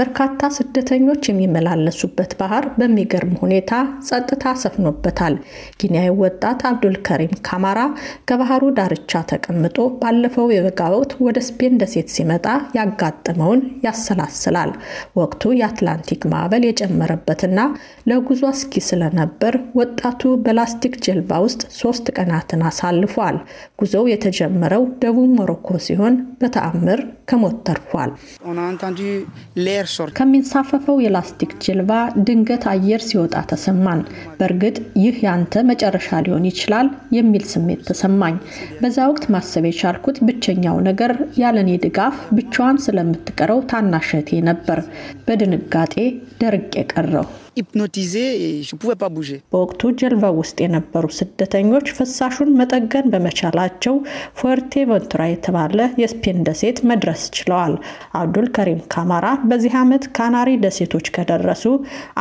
በርካታ ስደተኞች የሚመላለሱበት ባህር በሚገርም ሁኔታ ጸጥታ ሰፍኖበታል። ጊኒያዊ ወጣት አብዱልከሪም ካማራ ከባህሩ ዳርቻ ተቀምጦ ባለፈው የበጋ ወቅት ወደ ስፔን ደሴት ሲመጣ ያጋጠመውን ያሰላስላል። ወቅቱ የአትላንቲክ ማዕበል የጨመረበትና ለጉዞ አስኪ ስለነበር ወጣቱ በላስቲክ ጀልባ ውስጥ ሶስት ቀናትን አሳልፏል። ጉዞው የተጀመረው ደቡብ ሞሮኮ ሲሆን በተአምር ከሞት ተርፏል። ከሚንሳፈፈው የላስቲክ ጀልባ ድንገት አየር ሲወጣ ተሰማን። በእርግጥ ይህ ያንተ መጨረሻ ሊሆን ይችላል የሚል ስሜት ተሰማኝ። በዛ ወቅት ማሰብ የቻልኩት ብቸኛው ነገር ያለኔ ድጋፍ ብቻዋን ስለምትቀረው ታናሸቴ ነበር። በድንጋጤ ደርቅ የቀረው በወቅቱ ጀልባ ውስጥ የነበሩ ስደተኞች ፍሳሹን መጠገን በመቻላቸው ፎርቴ ቨንቱራ የተባለ የስፔን ደሴት መድረስ ችለዋል። አብዱል ከሪም ካማራ በዚህ ዓመት ካናሪ ደሴቶች ከደረሱ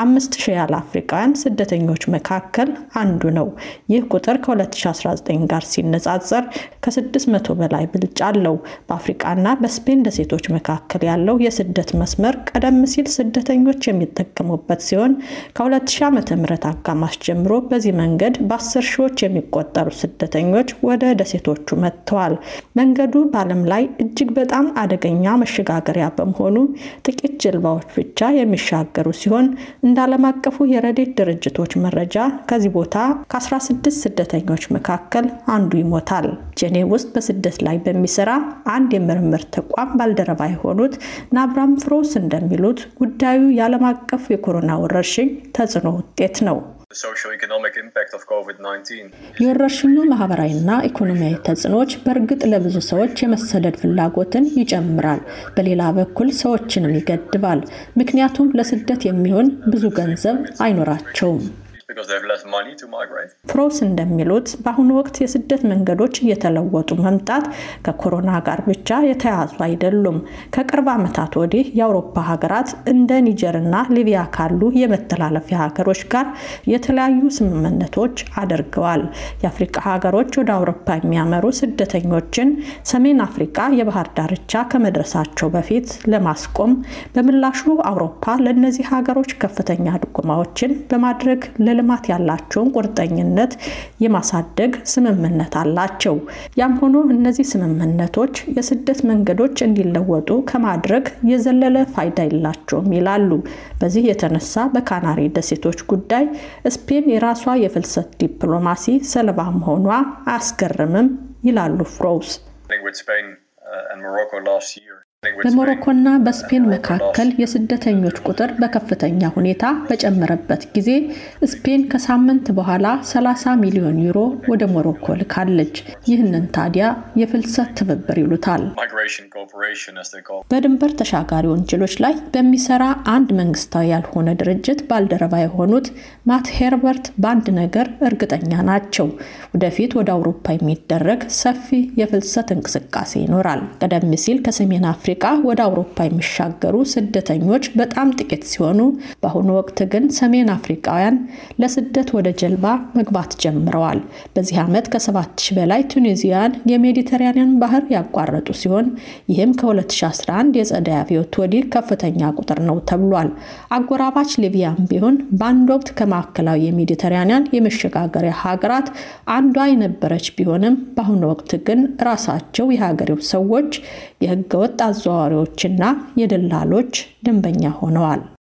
አምስት ሺ ያህል አፍሪካውያን ስደተኞች መካከል አንዱ ነው። ይህ ቁጥር ከ2019 ጋር ሲነጻጸር ከ600 በላይ ብልጫ አለው። በአፍሪቃና በስፔን ደሴቶች መካከል ያለው የስደት መስመር ቀደም ሲል ስደተኞች የሚጠቀሙበት ሲሆን ከ2000 ዓ ም አጋማሽ ጀምሮ በዚህ መንገድ በ10 ሺዎች የሚቆጠሩ ስደተኞች ወደ ደሴቶቹ መጥተዋል። መንገዱ በዓለም ላይ እጅግ በጣም አደገኛ መሸጋገሪያ በመሆኑ ጥቂት ጀልባዎች ብቻ የሚሻገሩ ሲሆን እንደ ዓለም አቀፉ የረዴት ድርጅቶች መረጃ ከዚህ ቦታ ከ16 ስደተኞች መካከል አንዱ ይሞታል። ጄኔቭ ውስጥ በስደት ላይ በሚሰራ አንድ የምርምር ተቋም ባልደረባ የሆኑት ናብራም ፍሮስ እንደሚሉት ጉዳዩ የዓለም አቀፉ የኮሮና ወረርሽኝ ተጽዕኖ ውጤት ነው። የወረርሽኙ ማህበራዊና ኢኮኖሚያዊ ተጽዕኖዎች በእርግጥ ለብዙ ሰዎች የመሰደድ ፍላጎትን ይጨምራል፣ በሌላ በኩል ሰዎችንም ይገድባል። ምክንያቱም ለስደት የሚሆን ብዙ ገንዘብ አይኖራቸውም። ፕሮስ እንደሚሉት በአሁኑ ወቅት የስደት መንገዶች እየተለወጡ መምጣት ከኮሮና ጋር ብቻ የተያዙ አይደሉም። ከቅርብ ዓመታት ወዲህ የአውሮፓ ሀገራት እንደ ኒጀርና ሊቢያ ካሉ የመተላለፊያ ሀገሮች ጋር የተለያዩ ስምምነቶች አድርገዋል። የአፍሪቃ ሀገሮች ወደ አውሮፓ የሚያመሩ ስደተኞችን ሰሜን አፍሪቃ የባህር ዳርቻ ከመድረሳቸው በፊት ለማስቆም፣ በምላሹ አውሮፓ ለእነዚህ ሀገሮች ከፍተኛ ድጎማዎችን በማድረግ ለልማት ያላቸውን ቁርጠኝነት የማሳደግ ስምምነት አላቸው። ያም ሆኖ እነዚህ ስምምነቶች የስደት መንገዶች እንዲለወጡ ከማድረግ የዘለለ ፋይዳ የላቸውም ይላሉ። በዚህ የተነሳ በካናሪ ደሴቶች ጉዳይ ስፔን የራሷ የፍልሰት ዲፕሎማሲ ሰለባ መሆኗ አያስገርምም ይላሉ ፍሮውስ። በሞሮኮና በስፔን መካከል የስደተኞች ቁጥር በከፍተኛ ሁኔታ በጨመረበት ጊዜ ስፔን ከሳምንት በኋላ 30 ሚሊዮን ዩሮ ወደ ሞሮኮ ልካለች። ይህንን ታዲያ የፍልሰት ትብብር ይሉታል። በድንበር ተሻጋሪ ወንጀሎች ላይ በሚሰራ አንድ መንግስታዊ ያልሆነ ድርጅት ባልደረባ የሆኑት ማት ሄርበርት በአንድ ነገር እርግጠኛ ናቸው። ወደፊት ወደ አውሮፓ የሚደረግ ሰፊ የፍልሰት እንቅስቃሴ ይኖራል። ቀደም ሲል ከሰሜን አፍሪ አፍሪካ ወደ አውሮፓ የሚሻገሩ ስደተኞች በጣም ጥቂት ሲሆኑ በአሁኑ ወቅት ግን ሰሜን አፍሪካውያን ለስደት ወደ ጀልባ መግባት ጀምረዋል። በዚህ ዓመት ከ7000 በላይ ቱኒዚያን የሜዲተራኒያን ባህር ያቋረጡ ሲሆን ይህም ከ2011 የጸደይ አብዮት ወዲህ ከፍተኛ ቁጥር ነው ተብሏል። አጎራባች ሊቢያም ቢሆን በአንድ ወቅት ከማዕከላዊ የሜዲተራኒያን የመሸጋገሪያ ሀገራት አንዷ የነበረች ቢሆንም በአሁኑ ወቅት ግን ራሳቸው የሀገሬው ሰዎች የህገወጥ አዘዋዋሪዎችና የደላሎች ደንበኛ ሆነዋል።